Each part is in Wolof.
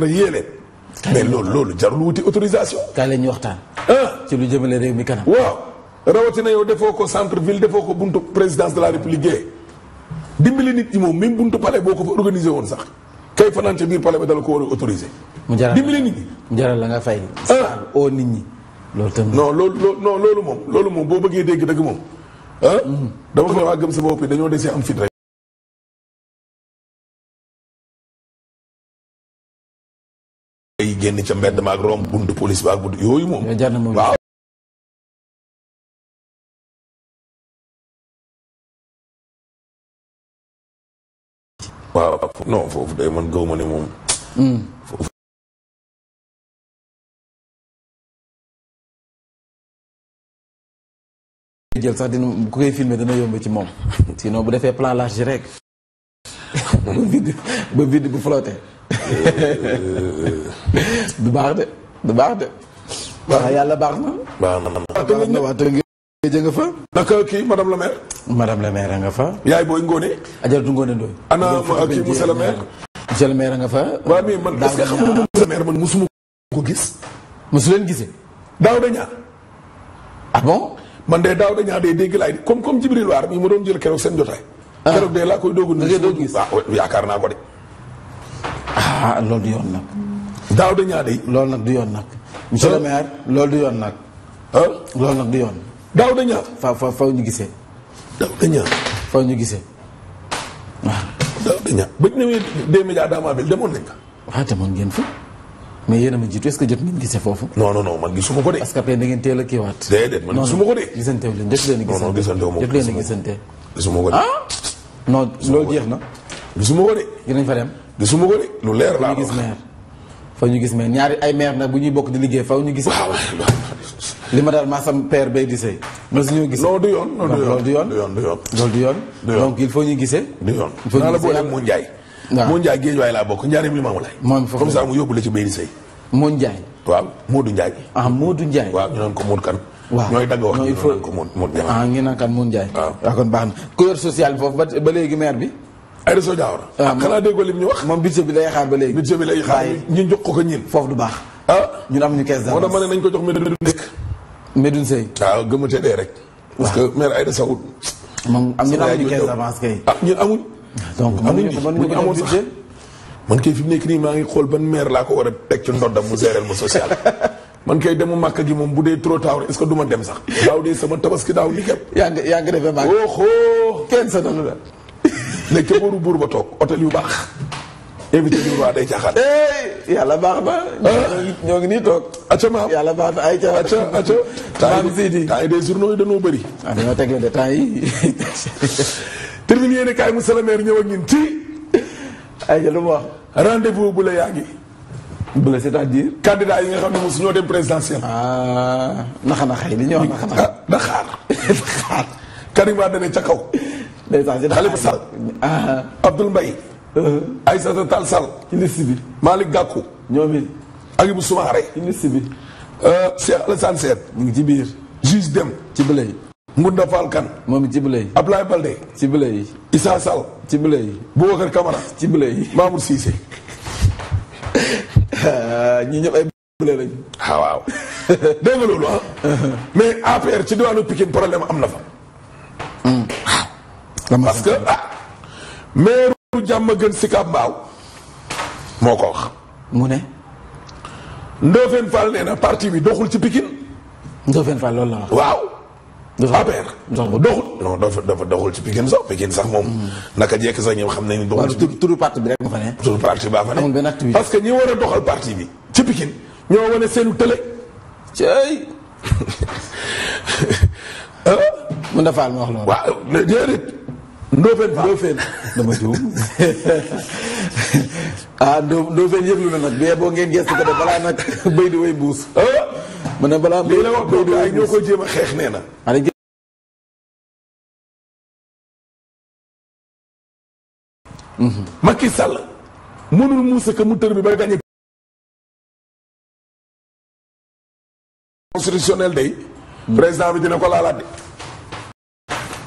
la yéene. mais loolu loolu jarul wuti autorisation. kaay la ñuy waxtaan. ci lu jëmale réew mi kanam. waaw rawatina yow defoo ko centre ville defoo ko buntu présidence de la république gée dimbali nit ñi moom même buntu palais boo ko fa organisé woon sax kay fanaan ca biir palais ba dala ko war a autorisé. mu jaral dimbali nit ñi. mu jaral la nga fay. ah oo nit ñi. loolu tamit non loolu non loolu moom loolu moom boo bëggee dégg dëgg moom. ah dama fa waa gëm sa bopp yi dañoo dese am fit génn ca mbedd maag romb bunt police ba ak bunt yooyu moom waaw moom hmm. jël sax dina ku koy filmer dana yomb ci moom sinon bu defee plan large rek ba vide ba vide bu flotté du baax de du baax de. waaw yàlla baax na. baax na waaw te nga fa. naka kii madame la maire. madame la maire nga fa. yaay booy Ngone. ajaratu Ngone Ndoye. ana kii monsieur le maire. monsieur maire nga fa. waaw mais man est-ce que xam ko gis. mosu leen gisee. daaw dañu ah bon. man de daaw dañaa dee dégg laay comme comme Jibril Waar mi ma doon jël keroog seen jotaay. Ah. keroog de laa koy doog a. da yaakaar naa ko de. ah loolu du yoon nag. daaw dañaa dey. loolu nag du yoon nag. monsieur le maire loolu du yoon nag. loolu nag du yoon. daaw dañaa. fa fa faw ñu gisee. daaw dañaa. faw ñu gisee waaw. daaw dañaa ba ñu demee D-Média Dama demoon nañ fa. ah demoon ngeen fa. mais yéen a ma jiitu est-ce que jot ngeen gisee foofu. non non non man gisuma ko de. parce que après da ngeen teel a kiiwaat. déedéet man gisuma ko de. gisante ah? wu jot leen gisante non non gisante wu ko de. non loolu jeex na. gisuma ko de. dinañ fa dem. gisuma ko de lu leer laa wax fa ñu gis maire ñaari ay maire nag bu ñuy bokk di liggéey faw ñu gis. li ma daal maa sam père bay di sëy. mosu ñu gisee loolu du yoon loolu ñu gisee. du yoon il faut ñu la bokk njaareem li maamu laay. mu yóbbu la ci bay di sëy. Moon Njaay. waaw Moodu Njaay. ah Moodu Njaay. waaw ñu naan ko Moodu kan. waaw ah, Njaay. ah kon baax na. couleur sociale foofu ba léegi meer bi Aïda Diawara. waaw ah, ah, xanaa déggoo li mu ñu wax. moom budget bi lay xaar ba léegi. budget bi lay xaar ñu jox ko ko ñin. foofu du baax. ah ñun am ñu 15 d'avance. moo tax ah, que maire Aïda Saoud. moom am ñun amuñu 15 ñu amoon maa ngi xool ban maire laa ko war moom bu dee trop tard que du ma dem sax. daaw de sama kenn sa dalu la. léegi ca ba toog hôtel yu baax. invité bi waa day caaxaan. yàlla baax na. Ah. ñoo ngi nii toog. acca maam yàlla baax na ay caaxaan. acca acca temps yi temps des journaux yi dañoo bëri. waaw ah, dañoo teglante temps yi. terminé yéen a kaay Moussa ñëw ak ci. ay lu mu wax. rendez-vous bu la yaa ngi. bu la c'est-à-dire. candidat yi nga xam ne mosu ñoo dem présidentiel. ah naxa naxa yi li ñuy wax naxa naxa. na xaar. na xaar. ne ca kaw. ndeysaan Khalifa Sall ah. Abdoul Mbaye uh-huh. Aïssata Tall Sall ci liste bi Malick Gakou ñoom it Agibou Soumaré ci liste bi euh, Cheikh Alassane Sène ñu ngi ci biir juge Dème ci bële yi Ngunda Fall Kane moom ci bële yi Ablaye Baldé ci Issa Sall ci bële yi Boubacar Camara ci bële yi Mamour Cissé ñi ñëpp ay bële lañ ah waaw dégg nga loolu ah uh-huh. mais APR ci diwaanu Pikine problème am na fa hmm. ah. parce que ah maire jàmm gën Sicap Mbao moo ko wax. mu ne. Ndofène Fall nee na parti bi doxul ci Pikine. Ndofène Fall loolu la wax. waaw. APR doxul non dafa doxul ci Pikine sax Pikine sax moom. Hmm. naka jekk sax ñoom xam nañu ne doxul ci. turu parti bi rek ma fa ne. turu parti baa fa ne. amul benn activité parce que ñi war a doxal parti bi ci Pikine ñoo wane seenu tële. ci ay. mun na Fall ma wax loolu. waaw déedéet. Ndofène Ndofène dama juum ah Ndo Ndofène nag bee boo ngeen gestu ko de balaa nag béy di way buus. Ah! ma ne balaa béy di way buus lii ko jéem a xeex nee na. Mhm. Macky mënul muusa mu tër bi bay gañe constitutionnel day président dina ko laalaat de.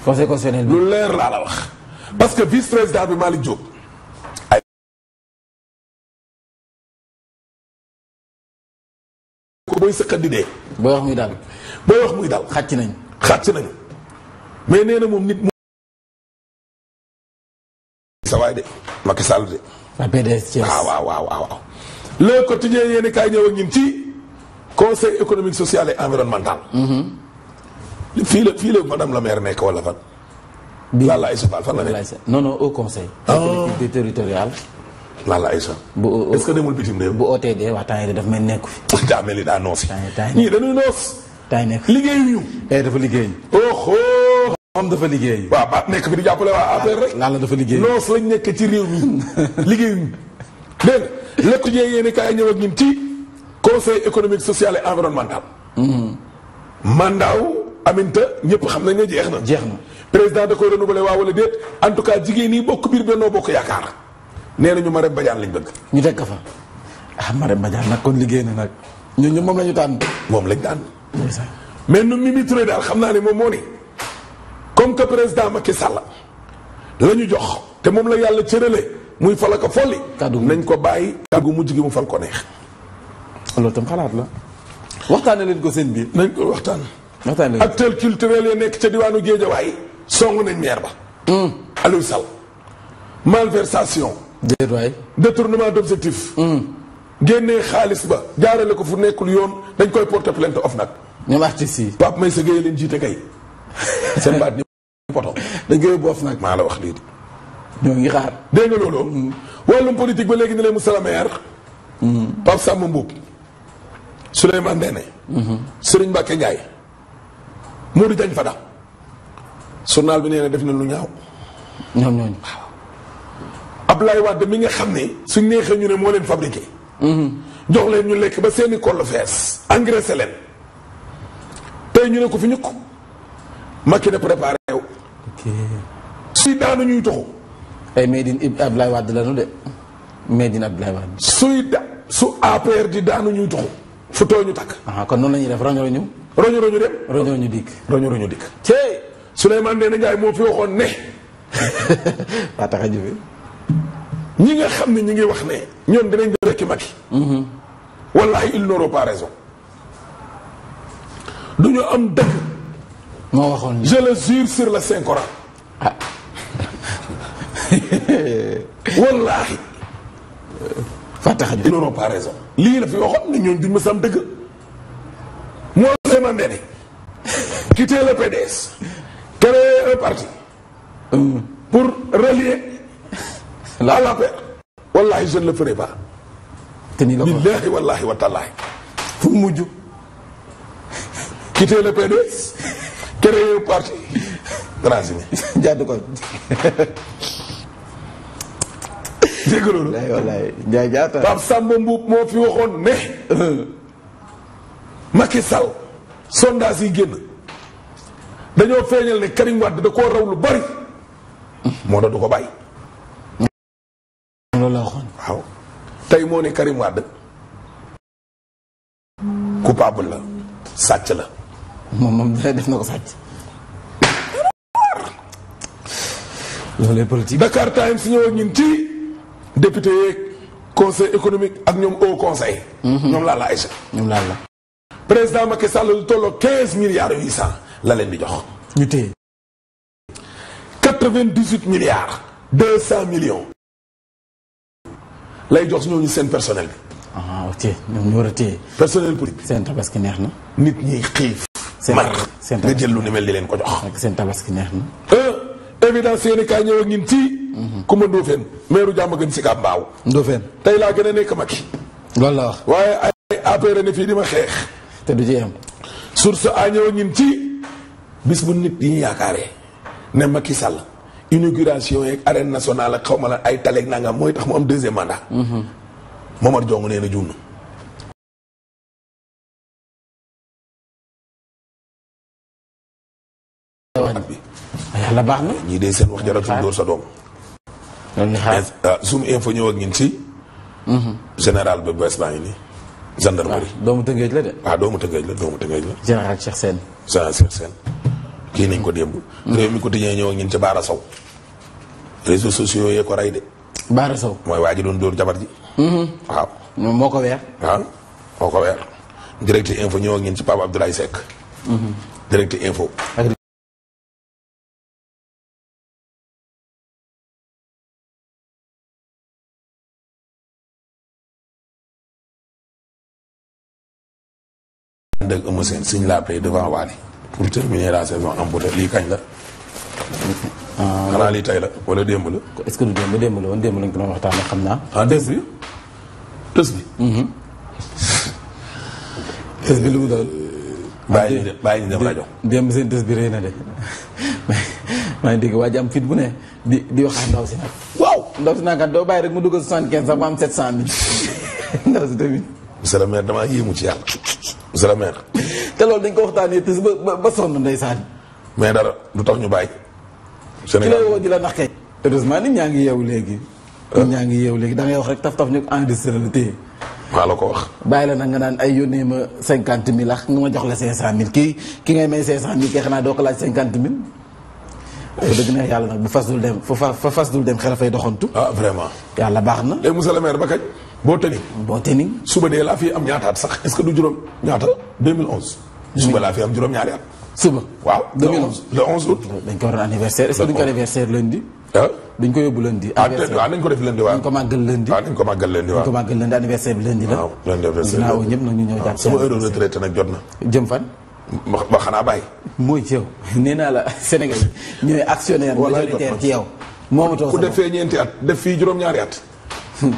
conseil constitutionnel bi lu leer laa la wax. parce que vice président bi Malick Diop. ay. ko booy xàcc nañ. xàcc nañu mais moom nit mu. fii la fii la madame la maire nekk wala fan. bi Lalla Aïssa la nekk non non au conseil. collectivité ah. ce que demul bu OTD waa temps yii daf may nekk fi. daa mel ni daa noosi. temps yii dañuy eh, dafa liggéey. oh oh. moom liggéey. waaw ba nekk fi di jàppale waa affaire rek. Lalla dafa liggéey noos nekk ci réew mi liggéeyuñu. dégg ci conseil économique social et environnemental. Mm-hmm. Mandaaw. aminta ñëpp xam nañ ne jeex na. jeex na président da koy renouveler waa wala déet en tout cas jigéen ñi bokk biir Benno Bokk Yaakaar nee na ñu Marème Badiane lañ bëgg. ñu fekk fa fa ah Marème Badiane nag kon liggéey na nag ñun ñu moom la ñu tànn. moom lañ mais nu Mimi Touré xam naa ne moom moo ni comme que président Macky Sall la jox te moom la yàlla cërale muy falaka folli. nañ ko bàyyi. kàddu mujj gi mu fal ko neex. loolu tam xalaat la. waxtaanee leen ko seen biir. nañ ko waxtaan. acteur culturel yi nekk ca diwaanu Géejawaay song nañ maire ba. Hmm. Aliou Sall. malversation. détournement d'objectif. Hmm. génnee xaalis ba jaarale ko fu nekkul yoon dañ koy porter plainte of nag. ñoom artistes yi. Pape Maysa Gueye leen jiite kay. seen baat ni poto. dañ koy boof nag maa la wax lii ñoo ngi xaar. dégg nga loolu. Hmm. wàllum politique ba léegi ne leen Moussa Maire. Pape Samba Mboup. Souleymane Ndéné. Serigne Mbacké Ndiaye. Modou Diagne Fada journal bi nee na def na lu ñaaw. ñoom ñooñu waaw. Abdoulaye Wade mi nga xam ne suñ neexee ñu ne moo leen fabriqué. Mm-hmm. jox leen ñu lekk ba seeni koll fees engraissé leen tey ñu ne ko fi ñukk Macky na préparé wu. ok suy daanu ñuy toxu. ay Made in Abdoulaye Wade la ñu de Made in Abdoulaye Wade. suy da su APR di daanu ñuy toxu fu tooy ñu takk. ah kon noonu la ñuy def ràññoo ñu. roñu roñu dem. roñu roñu dikk roñu roñu dikk. cee Souleymane Ndéné Ndiaye moo fi waxoon ne. waa tax a ñi nga xam ne ñi ngi wax ne. ñoom dinañ doon rekki Macky. Mhm. wallaahi ils n'auront pas raison. du ñu am dëkk. moo waxoon je le jure sur le Saint Coran. Ah. wallaahi. waa tax a jëfee ils n'auront pas raison. lii la fi waxoon ne ñoom duñ ma sam dëgg. Mose Mandela quitter le PDS créer un parti euh, pour relier à la paix wallahi je ne le te nii la ko billaahi wallaahi wa fu mujj quitter le PDS créer un parti transi mi jàdd ko dégg loolu wallahi jaay jaata Pape Samba moo fi waxoon ne euh. Macky Sall sondage yi génn dañoo feeñal ne Karim Wade da koo raw lu bari moo tax du ko bàyyi. loolu la waxoon moo ne Karim Wade coupable la sàcc la. moom moom def na ko sàcc. loolu politique Dakar Times ñëw ak ñun ci député yeeg conseil économique ak ñoom haut conseil. Mhm. ñoom laa la Aïcha ñoom laa la. président Macky Sall lu tolloo 15 milliards 800 leen di jox. ñu téye. 98 milliards 200 millions. lay jox ñooñu seen personnel bi. ah ñoom ñu war a téye. personnel politique. seen tabaski neex na. nit ñi xiif. seen seen jël lu ni mel di leen ko jox. seen tabaski neex na. Euh, évidence yéen kaay ñëw ak ñun ci. Mhm. ku ma Ndofène meeru jàmm gën si Kambaaw. Ndofène tey laa gën a nekk Macky. waaye ay APR ne fii di ma xeex. te du ci yem. source a ñëw ñun ci bis bu nit yi ñu yaakaaree ne Macky inauguration yeeg nationale ak xaw ma la ay taleeg nangam mooy tax mu am deuxième mandat. Mhm. Momar Diongo nee na yàlla baax na ñii de seen wax jaratul dóor sa doom. loolu ñu xaar euh, Zoom info ci. Mhm. général ba bees baa ngi gendarmerie waaw ah, doomu Tëngéej la de. waaw ah, doomu Tëngéej la doomu Tëngéej la. général Cheikh Sène. général Cheikh Sène kii nañ ko démb. Hmm. réew mi quotidien ñëw ak ñun ci Baara Sow. réseaux sociaux yee ko rey de. Baara Sow mooy waa ji dóor jabar ji. Hmm. waaw. moo ko weer. direct info ñëw ci Pape Abdoulaye Seck. Hmm. direct info. ànd ak Eumeu Sène signe la paix devant Wally pour terminer la saison la. xanaa la wala démb la. est-ce que du démb démb la woon démb naa. ah dés bi dés bi. lu mu doon. bàyyi ñu dem bàyyi ñu dem rajo. bi rëy na de maa ngi dégg waa ji am fit bu ne di di wax ndaw si nag. waaw ndaw si nag doo bàyyi rek mu dugg soixante quinze sax mu am sept cent mille ndaw si tamit. monsieur le damaa yéemu ci yàlla. monsieur le maire. te loolu dañ ko waxtaanee tis ba ba sonn ndeysaan. mais dara du tax ñu bàyyi. Sénégal ki lay woo di la nax kay. heureusement nit ñaa ngi yeewu léegi. Euh? nit ñaa ngi yeewu léegi da ngay wax rek taf taf ñu enregistré la téye. maa la ko wax. bàyyi la nag nga naan ay yónnee ma cinquante mille ak nga ma jox la cinq cent mille ki ki ngay may cinq cent mille kii xanaa doo ko laaj cinquante mille. wax dëgg yàlla nag bu fas dul dem fa fas dul dem xel fay doxantu. ah vraiment. baax na. léegi monsieur le ba boo tëni. boo tëni. suba dee laa fi am ñaata at sax est-ce que du juróom ñaata 2011. suba laa fi am juróom ñaari at. suba waaw. 2011 le 11 août. dañ ko waroon anniversaire est-ce que duñ ko anniversaire lundi. ah dañ ko yóbbu lundi. anniversaire ah, waaw ko def lundi waaw. Ah, nañ ko màggal lundi waaw nañ ko màggal lundi waaw. nañ ko màggal lundi anniversaire bi lundi la. waaw lundi anniversaire la ñëpp ñëw ah, jàpp sama heure de retraite nag jot na. jëm fan. xanaa bàyyi. mooy ci yow naa la Sénégal ñu ne actionnaire. voilà jot na majoritaire ci yow. moomatoo sama ku defee ñeenti at def fii juróom-ñaari at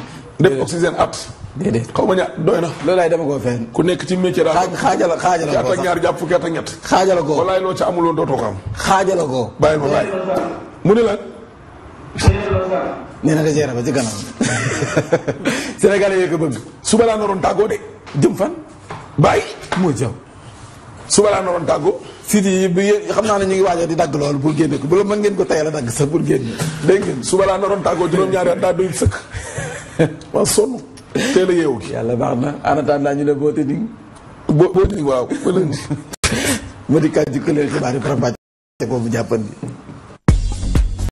def oxygène at. déedéet xaw ma ña doy na. loolaay dama ko fenn. ku nekk ci métier daal. xaajala xaajala ko sax ñaar jàpp fukki at ak ñett. xaajala ko walaay loo ca amuloon dootoo ko am. xaajala ko. bàyyi ma bàyyi mu ne la. nee na da cee rafet ci kanam. Sénégalais yee ko bëgg. suba laa naroon tàggoo de. jëm fan. bàyyi. moo jaw suba laa naroon tàggoo. site yi bi xam naa ne ñu ngi waajal di dagg lool pour génne ko bu la mën ngeen ko tayal a dagg sax pour génne. dégg ngeen suba laa naroon tàggoo juróom-ñaari at daa doy sëkk waa sonn teel a yeewu gi. yàlla baax na en attendant ñu ne boo tëddi. boo boo tëddi waaw ba léegi. ma di kàjj këleel xibaar yi faram-fàcce ko bu jàppandi.